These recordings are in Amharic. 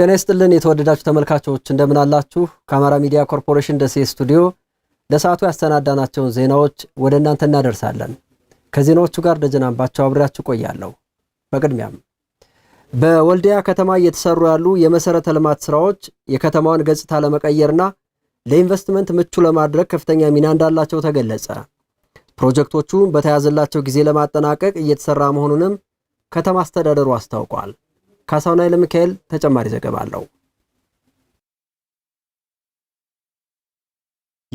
ጤና ይስጥልን የተወደዳችሁ ተመልካቾች እንደምን አላችሁ? ከአማራ ሚዲያ ኮርፖሬሽን ደሴ ስቱዲዮ ለሰዓቱ ያሰናዳናቸውን ዜናዎች ወደ እናንተ እናደርሳለን። ከዜናዎቹ ጋር ደጀናንባቸው አብሬያችሁ ቆያለሁ። በቅድሚያም በወልዲያ ከተማ እየተሰሩ ያሉ የመሰረተ ልማት ስራዎች የከተማዋን ገጽታ ለመቀየርና ለኢንቨስትመንት ምቹ ለማድረግ ከፍተኛ ሚና እንዳላቸው ተገለጸ። ፕሮጀክቶቹ በተያዘላቸው ጊዜ ለማጠናቀቅ እየተሰራ መሆኑንም ከተማ አስተዳደሩ አስታውቋል። ካሳሁን ኃይለ ሚካኤል ተጨማሪ ዘገባ አለው።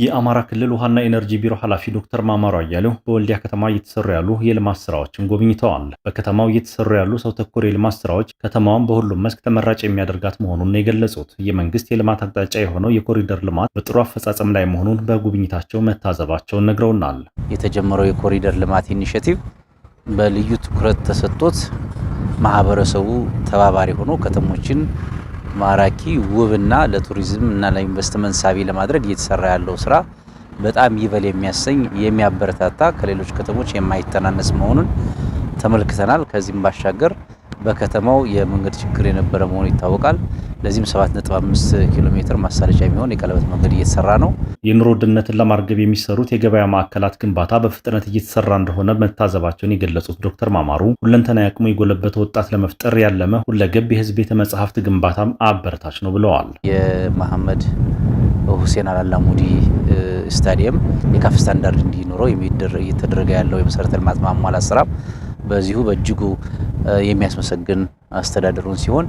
የአማራ ክልል ውሃና ኤነርጂ ቢሮ ኃላፊ ዶክተር ማማሩ አያሌው በወልዲያ ከተማ እየተሰሩ ያሉ የልማት ስራዎችን ጎብኝተዋል። በከተማው እየተሰሩ ያሉ ሰው ተኮር የልማት ስራዎች ከተማዋን በሁሉም መስክ ተመራጭ የሚያደርጋት መሆኑን የገለጹት። የመንግስት የልማት አቅጣጫ የሆነው የኮሪደር ልማት በጥሩ አፈጻጸም ላይ መሆኑን በጉብኝታቸው መታዘባቸውን ነግረውናል። የተጀመረው የኮሪደር ልማት ኢኒሽቲቭ በልዩ ትኩረት ተሰጥቶት ማህበረሰቡ ተባባሪ ሆኖ ከተሞችን ማራኪ ውብና ለቱሪዝም እና ለኢንቨስትመንት ሳቢ ለማድረግ እየተሰራ ያለው ስራ በጣም ይበል የሚያሰኝ የሚያበረታታ ከሌሎች ከተሞች የማይተናነስ መሆኑን ተመልክተናል። ከዚህም ባሻገር በከተማው የመንገድ ችግር የነበረ መሆኑ ይታወቃል። ለዚህም 7.5 ኪሎ ሜትር ማሳለጫ የሚሆን የቀለበት መንገድ እየተሰራ ነው። የኑሮ ውድነትን ለማርገብ የሚሰሩት የገበያ ማዕከላት ግንባታ በፍጥነት እየተሰራ እንደሆነ መታዘባቸውን የገለጹት ዶክተር ማማሩ ሁለንተና ያቅሙ የጎለበተ ወጣት ለመፍጠር ያለመ ሁለገብ የህዝብ ቤተ መጽሐፍት ግንባታም አበረታች ነው ብለዋል። የመሐመድ ሁሴን አላሙዲ ስታዲየም የካፍ ስታንዳርድ እንዲኖረው እየተደረገ ያለው የመሰረተ ልማት ማሟላት ስራ በዚሁ በእጅጉ የሚያስመሰግን አስተዳደሩን ሲሆን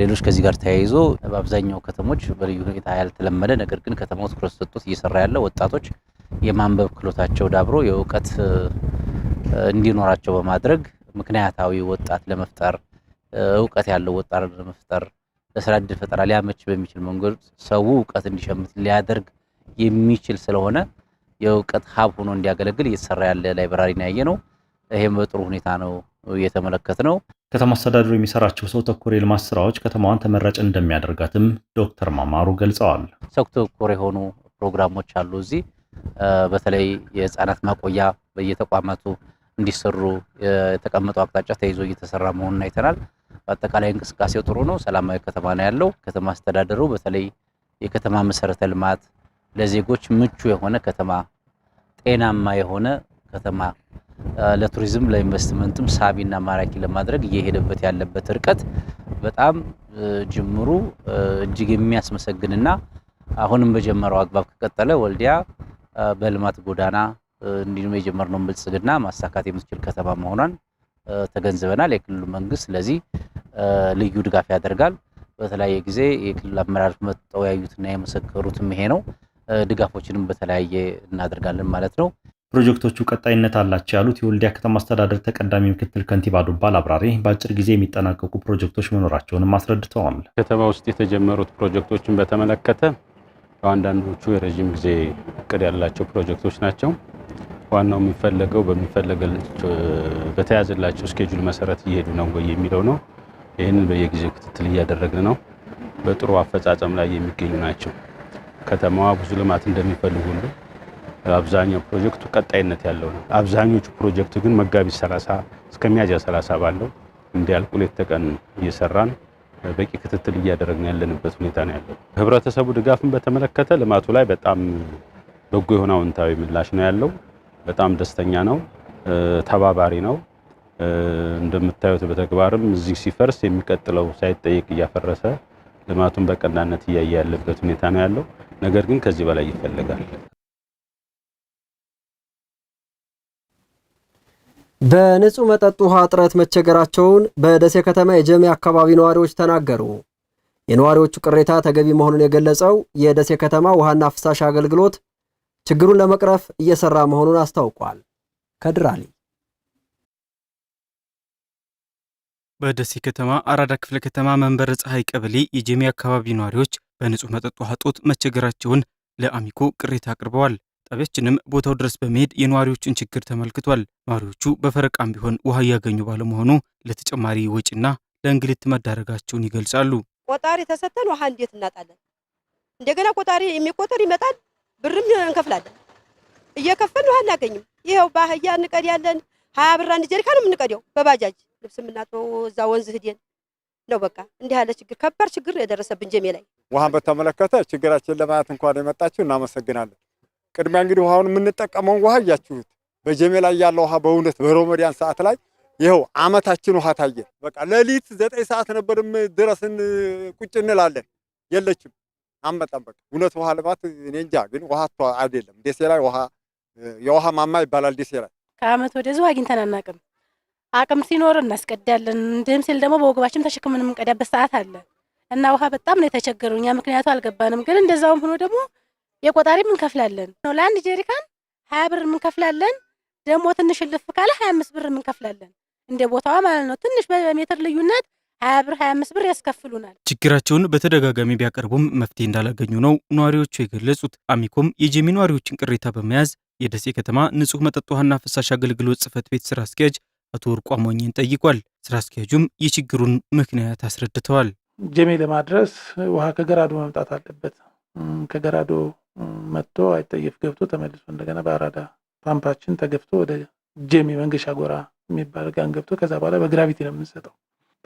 ሌሎች ከዚህ ጋር ተያይዞ በአብዛኛው ከተሞች በልዩ ሁኔታ ያልተለመደ ነገር ግን ከተማው ትኩረት ሰጥቶት እየሰራ ያለ ወጣቶች የማንበብ ክህሎታቸው ዳብሮ የእውቀት እንዲኖራቸው በማድረግ ምክንያታዊ ወጣት ለመፍጠር እውቀት ያለው ወጣት ለመፍጠር ለስራ ፈጠራ ሊያመች በሚችል መንገድ ሰው እውቀት እንዲሸምት ሊያደርግ የሚችል ስለሆነ የእውቀት ሀብ ሆኖ እንዲያገለግል እየተሰራ ያለ ላይብራሪ ነው ያየ ነው። ይሄም በጥሩ ሁኔታ ነው እየተመለከት ነው። ከተማ አስተዳደሩ የሚሰራቸው ሰው ተኮር የልማት ስራዎች ከተማዋን ተመራጭ እንደሚያደርጋትም ዶክተር ማማሩ ገልጸዋል። ሰው ተኮር የሆኑ ፕሮግራሞች አሉ። እዚህ በተለይ የህፃናት ማቆያ በየተቋማቱ እንዲሰሩ የተቀመጠ አቅጣጫ ተይዞ እየተሰራ መሆኑን አይተናል። በአጠቃላይ እንቅስቃሴው ጥሩ ነው። ሰላማዊ ከተማ ነው ያለው። ከተማ አስተዳደሩ በተለይ የከተማ መሰረተ ልማት ለዜጎች ምቹ የሆነ ከተማ፣ ጤናማ የሆነ ከተማ ለቱሪዝም ለኢንቨስትመንትም ሳቢና ማራኪ ለማድረግ እየሄደበት ያለበት ርቀት በጣም ጅምሩ እጅግ የሚያስመሰግንና አሁንም በጀመረው አግባብ ከቀጠለ ወልዲያ በልማት ጎዳና እንዲሁም የጀመርነውን ብልጽግና ማሳካት የምትችል ከተማ መሆኗን ተገንዝበናል። የክልሉ መንግስት ስለዚህ ልዩ ድጋፍ ያደርጋል። በተለያየ ጊዜ የክልል አመራር መጠው ያዩትና የመሰከሩትም ይሄ ነው። ድጋፎችንም በተለያየ እናደርጋለን ማለት ነው። ፕሮጀክቶቹ ቀጣይነት አላቸው ያሉት የወልዲያ ከተማ አስተዳደር ተቀዳሚ ምክትል ከንቲባ ዱባል አብራሪ በአጭር ጊዜ የሚጠናቀቁ ፕሮጀክቶች መኖራቸውንም አስረድተዋል። ከተማ ውስጥ የተጀመሩት ፕሮጀክቶችን በተመለከተ አንዳንዶቹ የረዥም ጊዜ እቅድ ያላቸው ፕሮጀክቶች ናቸው። ዋናው የሚፈለገው በተያዘላቸው እስኬጁል መሰረት እየሄዱ ነው ወይ የሚለው ነው። ይህንን በየጊዜው ክትትል እያደረግን ነው። በጥሩ አፈጻጸም ላይ የሚገኙ ናቸው። ከተማዋ ብዙ ልማት እንደሚፈልጉ ሁሉ አብዛኛው ፕሮጀክቱ ቀጣይነት ያለው ነው። አብዛኞቹ ፕሮጀክት ግን መጋቢት 30 እስከ ሚያዝያ 30 ባለው እንዲያልቁ ሌት ተቀን እየሰራን በቂ ክትትል እያደረግን ያለንበት ሁኔታ ነው ያለው። ህብረተሰቡ ድጋፍን በተመለከተ ልማቱ ላይ በጣም በጎ የሆነ አውንታዊ ምላሽ ነው ያለው። በጣም ደስተኛ ነው፣ ተባባሪ ነው። እንደምታዩት በተግባርም እዚህ ሲፈርስ የሚቀጥለው ሳይጠየቅ እያፈረሰ ልማቱን በቀናነት እያየ ያለበት ሁኔታ ነው ያለው። ነገር ግን ከዚህ በላይ ይፈልጋል። በንጹህ መጠጥ ውሃ እጥረት መቸገራቸውን በደሴ ከተማ የጀሜ አካባቢ ነዋሪዎች ተናገሩ። የነዋሪዎቹ ቅሬታ ተገቢ መሆኑን የገለጸው የደሴ ከተማ ውሃና ፍሳሽ አገልግሎት ችግሩን ለመቅረፍ እየሰራ መሆኑን አስታውቋል። ከድራሊ በደሴ ከተማ አራዳ ክፍለ ከተማ መንበረ ፀሐይ ቀበሌ የጀሜ አካባቢ ነዋሪዎች በንጹህ መጠጥ ውሃ እጦት መቸገራቸውን ለአሚኮ ቅሬታ አቅርበዋል። ጣቢያችንም ቦታው ድረስ በመሄድ የነዋሪዎችን ችግር ተመልክቷል። ነዋሪዎቹ በፈረቃም ቢሆን ውሃ እያገኙ ባለመሆኑ ለተጨማሪ ወጪና ለእንግልት መዳረጋቸውን ይገልጻሉ። ቆጣሪ ተሰጥተን ውሃ እንዴት እናጣለን? እንደገና ቆጣሪ የሚቆጠር ይመጣል፣ ብርም እንከፍላለን። እየከፈልን ውሃ እናገኝም። ይኸው በአህያ እንቀዳለን። ሀያ ብር አንድ ነው የምንቀደው። በባጃጅ ልብስ የምናጥበው እዛ ወንዝ ህዴን ነው። በቃ እንዲህ ያለ ችግር፣ ከባድ ችግር የደረሰብን ጀሜ ላይ። ውሃን በተመለከተ ችግራችን ለማየት እንኳን የመጣችሁ እናመሰግናለን። ቅድሚያ እንግዲህ ውሃውን የምንጠቀመውን ውሃ እያችሁት በጀሜ ላይ ያለው ውሃ በእውነት በሮመዳን ሰዓት ላይ ይኸው አመታችን ውሃ ታየ። በቃ ሌሊት ዘጠኝ ሰዓት ነበርም ድረስን ቁጭ እንላለን የለችም አመጣም። በቃ እውነት ውሃ ልማት እኔ እንጃ፣ ግን ውሃ አይደለም። ደሴ ላይ ውሃ የውሃ ማማ ይባላል ደሴ ላይ ከአመት ወደዚህ አግኝተን አናቅም። አቅም ሲኖር እናስቀዳለን። እንዲህም ሲል ደግሞ በወገባችን ተሸክመን የምንቀዳበት ሰዓት አለ እና ውሃ በጣም ነው የተቸገረው እኛ ምክንያቱ አልገባንም። ግን እንደዛውም ሆኖ ደግሞ የቆጣሪም እንከፍላለን ነው ለአንድ ጀሪካን ሀያ ብር እንከፍላለን። ደግሞ ትንሽ ልፍ ካለ ሀያ አምስት ብር እንከፍላለን። እንደ ቦታዋ ማለት ነው። ትንሽ በሜትር ልዩነት ሀያ ብር ሀያ አምስት ብር ያስከፍሉናል። ችግራቸውን በተደጋጋሚ ቢያቀርቡም መፍትሄ እንዳላገኙ ነው ነዋሪዎቹ የገለጹት። አሚኮም የጀሚ ነዋሪዎችን ቅሬታ በመያዝ የደሴ ከተማ ንጹህ መጠጥ ውሃና ፍሳሽ አገልግሎት ጽህፈት ቤት ስራ አስኪያጅ አቶ ወርቋ አሞኝን ጠይቋል። ስራ አስኪያጁም የችግሩን ምክንያት አስረድተዋል። ጀሜ ለማድረስ ውሃ ከገራዶ መምጣት አለበት። ከገራዶ መጥቶ አይጠየፍ ገብቶ ተመልሶ እንደገና በአራዳ ፓምፓችን ተገፍቶ ወደ ጄሚ መንገሻ ጎራ የሚባል ጋን ገብቶ ከዛ በኋላ በግራቪቲ ነው የምንሰጠው።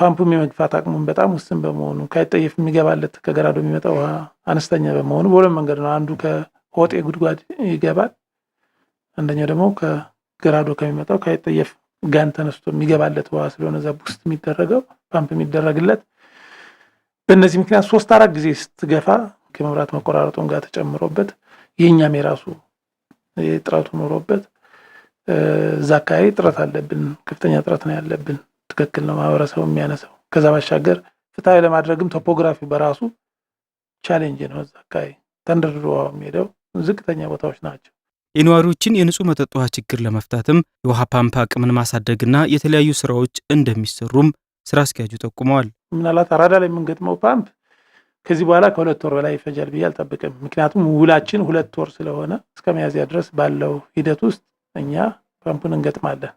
ፓምፑም የመግፋት አቅሙን በጣም ውስን በመሆኑ ከአይጠየፍ የሚገባለት ከገራዶ የሚመጣ ውሃ አነስተኛ በመሆኑ በሁለት መንገድ ነው። አንዱ ከሆጤ ጉድጓድ ይገባል፣ አንደኛው ደግሞ ከገራዶ ከሚመጣው ከአይጠየፍ ጋን ተነስቶ የሚገባለት ውሃ ስለሆነ እዛ ውስጥ የሚደረገው ፓምፕ የሚደረግለት በእነዚህ ምክንያት ሶስት አራት ጊዜ ስትገፋ ከመብራት መቆራረጡን ጋር ተጨምሮበት የእኛም የራሱ ጥረቱ ኖሮበት እዛ አካባቢ ጥረት አለብን፣ ከፍተኛ ጥረት ነው ያለብን። ትክክል ነው ማህበረሰቡ የሚያነሳው። ከዛ ባሻገር ፍትሐዊ ለማድረግም ቶፖግራፊ በራሱ ቻሌንጅ ነው። እዛ አካባቢ ተንደርድሮ የሚሄደው ዝቅተኛ ቦታዎች ናቸው። የነዋሪዎችን የንጹህ መጠጥ ውሃ ችግር ለመፍታትም የውሃ ፓምፕ አቅምን ማሳደግና የተለያዩ ስራዎች እንደሚሰሩም ስራ አስኪያጁ ጠቁመዋል። ምናልባት አራዳ ላይ የምንገጥመው ፓምፕ ከዚህ በኋላ ከሁለት ወር በላይ ይፈጃል ብዬ አልጠብቅም። ምክንያቱም ውላችን ሁለት ወር ስለሆነ እስከ ሚያዝያ ድረስ ባለው ሂደት ውስጥ እኛ ፓምፑን እንገጥማለን።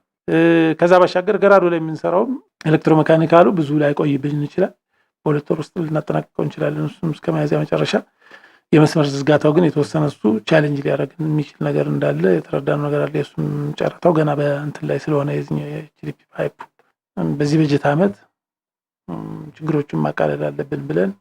ከዛ ባሻገር ገራዶ ላይ የምንሰራውም ኤሌክትሮሜካኒካሉ ብዙ ላይ ቆይብን እንችላል። በሁለት ወር ውስጥ ልናጠናቀቀው እንችላለን። እሱም እስከ ሚያዝያ መጨረሻ የመስመር ዝጋታው ግን የተወሰነ እሱ ቻሌንጅ ሊያደርግ የሚችል ነገር እንዳለ የተረዳነው ነገር አለ። የእሱም ጨረታው ገና በእንትን ላይ ስለሆነ የዚኛው የጂዲፒ ፓይፕ በዚህ በጀት ዓመት ችግሮቹን ማቃለል አለብን ብለን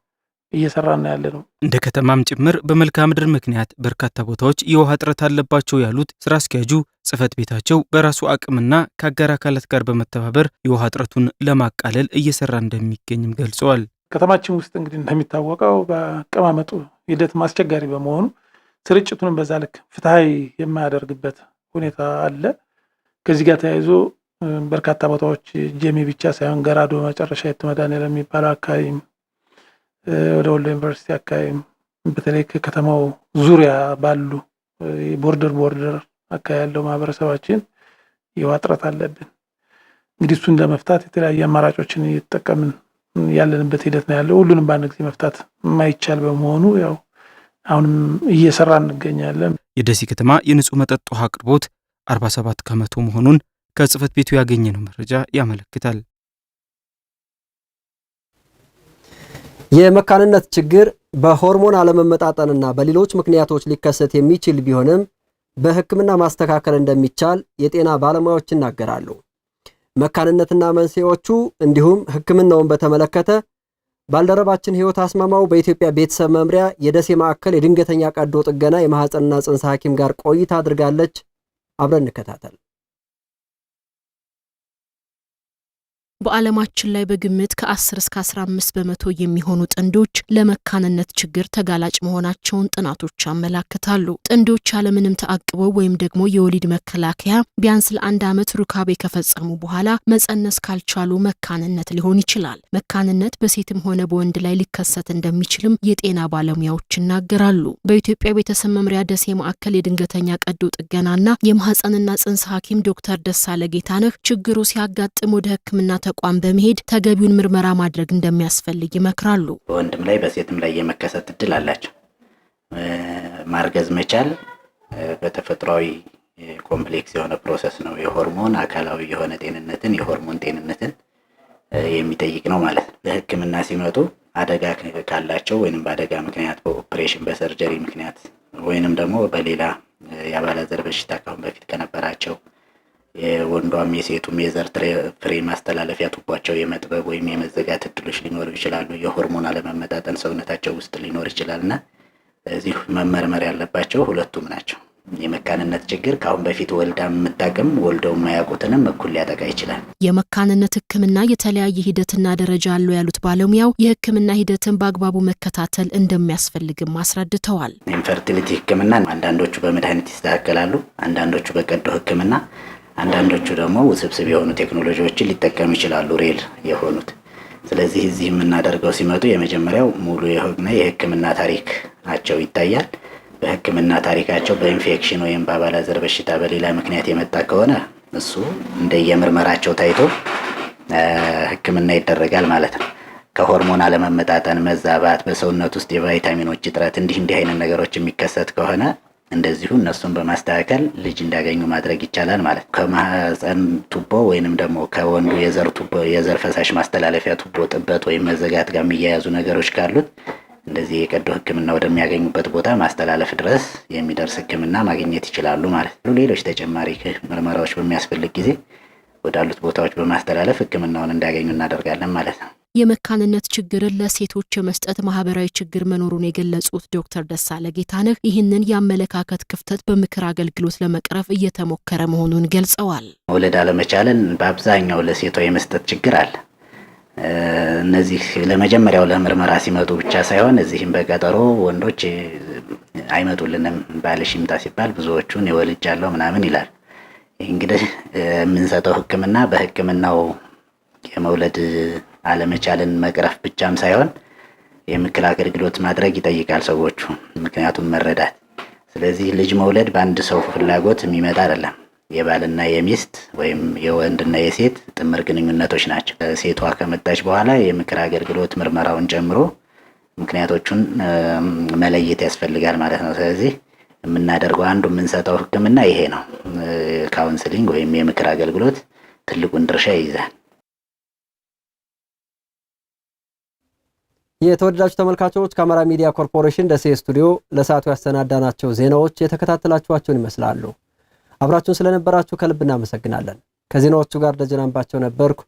እየሰራና ያለ ነው። እንደ ከተማም ጭምር በመልክዓ ምድር ምክንያት በርካታ ቦታዎች የውሃ እጥረት አለባቸው ያሉት ስራ አስኪያጁ ጽህፈት ቤታቸው በራሱ አቅምና ከአጋር አካላት ጋር በመተባበር የውሃ እጥረቱን ለማቃለል እየሰራ እንደሚገኝም ገልጸዋል። ከተማችን ውስጥ እንግዲህ እንደሚታወቀው በአቀማመጡ ሂደት አስቸጋሪ በመሆኑ ስርጭቱንም በዛ ልክ ፍትሐዊ የማያደርግበት ሁኔታ አለ። ከዚህ ጋር ተያይዞ በርካታ ቦታዎች ጀሜ ብቻ ሳይሆን ገራዶ መጨረሻ የት መድኃኔዓለም የሚባለው አካባቢም ወደ ወሎ ዩኒቨርሲቲ አካባቢም በተለይ ከከተማው ዙሪያ ባሉ ቦርደር ቦርደር አካባቢ ያለው ማህበረሰባችን የውሃ እጥረት አለብን። እንግዲህ እሱን ለመፍታት የተለያዩ አማራጮችን እየተጠቀምን ያለንበት ሂደት ነው ያለው። ሁሉንም በአንድ ጊዜ መፍታት የማይቻል በመሆኑ ያው አሁንም እየሰራ እንገኛለን። የደሴ ከተማ የንጹህ መጠጥ ውሃ አቅርቦት 47 ከመቶ መሆኑን ከጽህፈት ቤቱ ያገኘነው መረጃ ያመለክታል። የመካንነት ችግር በሆርሞን አለመመጣጠንና በሌሎች ምክንያቶች ሊከሰት የሚችል ቢሆንም በሕክምና ማስተካከል እንደሚቻል የጤና ባለሙያዎች ይናገራሉ። መካንነትና መንስኤዎቹ እንዲሁም ሕክምናውን በተመለከተ ባልደረባችን ህይወት አስማማው በኢትዮጵያ ቤተሰብ መምሪያ የደሴ ማዕከል የድንገተኛ ቀዶ ጥገና የማህፀንና ጽንሰ ሐኪም ጋር ቆይታ አድርጋለች። አብረን እንከታተል። በዓለማችን ላይ በግምት ከ10 እስከ 15 በመቶ የሚሆኑ ጥንዶች ለመካንነት ችግር ተጋላጭ መሆናቸውን ጥናቶች ያመላክታሉ። ጥንዶች ያለምንም ተአቅበው ወይም ደግሞ የወሊድ መከላከያ ቢያንስ ለአንድ ዓመት ሩካቤ ከፈጸሙ በኋላ መጸነስ ካልቻሉ መካንነት ሊሆን ይችላል። መካንነት በሴትም ሆነ በወንድ ላይ ሊከሰት እንደሚችልም የጤና ባለሙያዎች ይናገራሉ። በኢትዮጵያ ቤተሰብ መምሪያ ደሴ ማዕከል የድንገተኛ ቀዶ ጥገናና የማህፀንና ጽንስ ሐኪም ዶክተር ደሳለ ጌታነህ ችግሩ ሲያጋጥም ወደ ህክምና ተቋም በመሄድ ተገቢውን ምርመራ ማድረግ እንደሚያስፈልግ ይመክራሉ። በወንድም ላይ በሴትም ላይ የመከሰት እድል አላቸው። ማርገዝ መቻል በተፈጥሯዊ ኮምፕሌክስ የሆነ ፕሮሰስ ነው። የሆርሞን አካላዊ የሆነ ጤንነትን የሆርሞን ጤንነትን የሚጠይቅ ነው ማለት ነው። ለሕክምና ሲመጡ አደጋ ካላቸው ወይንም በአደጋ ምክንያት በኦፕሬሽን በሰርጀሪ ምክንያት ወይንም ደግሞ በሌላ የአባላዘር በሽታ ካሁን በፊት ከነበራቸው የወንዷም የሴቱም የዘር ፍሬ ማስተላለፊያ ቱቧቸው የመጥበብ ወይም የመዘጋት እድሎች ሊኖሩ ይችላሉ። የሆርሞን አለመመጣጠን ሰውነታቸው ውስጥ ሊኖር ይችላል እና እዚሁ መመርመር ያለባቸው ሁለቱም ናቸው። የመካንነት ችግር ከአሁን በፊት ወልዳ የምታቅም ወልደው የማያውቁትንም እኩል ሊያጠቃ ይችላል። የመካንነት ሕክምና የተለያየ ሂደትና ደረጃ አለው ያሉት ባለሙያው የሕክምና ሂደትን በአግባቡ መከታተል እንደሚያስፈልግም አስረድተዋል። ኢንፈርቲሊቲ ሕክምና አንዳንዶቹ በመድኃኒት ይስተካከላሉ፣ አንዳንዶቹ በቀዶ ሕክምና አንዳንዶቹ ደግሞ ውስብስብ የሆኑ ቴክኖሎጂዎችን ሊጠቀሙ ይችላሉ ሬል የሆኑት። ስለዚህ እዚህ የምናደርገው ሲመጡ የመጀመሪያው ሙሉ የሆነ የሕክምና ታሪካቸው ይታያል። በሕክምና ታሪካቸው በኢንፌክሽን ወይም በአባላዘር በሽታ በሌላ ምክንያት የመጣ ከሆነ እሱ እንደየምርመራቸው ታይቶ ሕክምና ይደረጋል ማለት ነው። ከሆርሞን አለመመጣጠን፣ መዛባት፣ በሰውነት ውስጥ የቫይታሚኖች እጥረት እንዲህ እንዲህ አይነት ነገሮች የሚከሰት ከሆነ እንደዚሁ እነሱን በማስተካከል ልጅ እንዳገኙ ማድረግ ይቻላል ማለት ከማህፀን ቱቦ ወይንም ደግሞ ከወንዱ የዘር ቱቦ የዘር ፈሳሽ ማስተላለፊያ ቱቦ ጥበት ወይም መዘጋት ጋር የሚያያዙ ነገሮች ካሉት እንደዚህ የቀዶ ሕክምና ወደሚያገኙበት ቦታ ማስተላለፍ ድረስ የሚደርስ ሕክምና ማግኘት ይችላሉ ማለት ነው። ሌሎች ተጨማሪ ምርመራዎች በሚያስፈልግ ጊዜ ወዳሉት ቦታዎች በማስተላለፍ ሕክምናውን እንዳገኙ እናደርጋለን ማለት ነው። የመካንነት ችግርን ለሴቶች የመስጠት ማህበራዊ ችግር መኖሩን የገለጹት ዶክተር ደሳለ ጌታነህ ይህንን የአመለካከት ክፍተት በምክር አገልግሎት ለመቅረፍ እየተሞከረ መሆኑን ገልጸዋል። መውለድ አለመቻልን በአብዛኛው ለሴቷ የመስጠት ችግር አለ። እነዚህ ለመጀመሪያው ለምርመራ ሲመጡ ብቻ ሳይሆን እዚህም በቀጠሮ ወንዶች አይመጡልንም፣ ባልሽ ይምጣ ሲባል ብዙዎቹን የወልጃለሁ ምናምን ይላል። እንግዲህ የምንሰጠው ሕክምና በሕክምናው የመውለድ አለመቻልን መቅረፍ ብቻም ሳይሆን የምክር አገልግሎት ማድረግ ይጠይቃል ሰዎቹ ምክንያቱም መረዳት። ስለዚህ ልጅ መውለድ በአንድ ሰው ፍላጎት የሚመጣ አይደለም። የባልና የሚስት ወይም የወንድና የሴት ጥምር ግንኙነቶች ናቸው። ሴቷ ከመጣች በኋላ የምክር አገልግሎት ምርመራውን ጨምሮ ምክንያቶቹን መለየት ያስፈልጋል ማለት ነው። ስለዚህ የምናደርገው አንዱ የምንሰጠው ሕክምና ይሄ ነው። ካውንስሊንግ ወይም የምክር አገልግሎት ትልቁን ድርሻ ይይዛል። የተወደዳችሁ ተመልካቾች ከአማራ ሚዲያ ኮርፖሬሽን ደሴ ስቱዲዮ ለሰዓቱ ያሰናዳናቸው ዜናዎች የተከታተላችኋቸውን ይመስላሉ። አብራችሁን ስለነበራችሁ ከልብ እናመሰግናለን። ከዜናዎቹ ጋር ደጀናንባቸው ነበርኩ።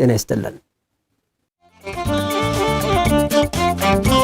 ጤና ይስጥልን።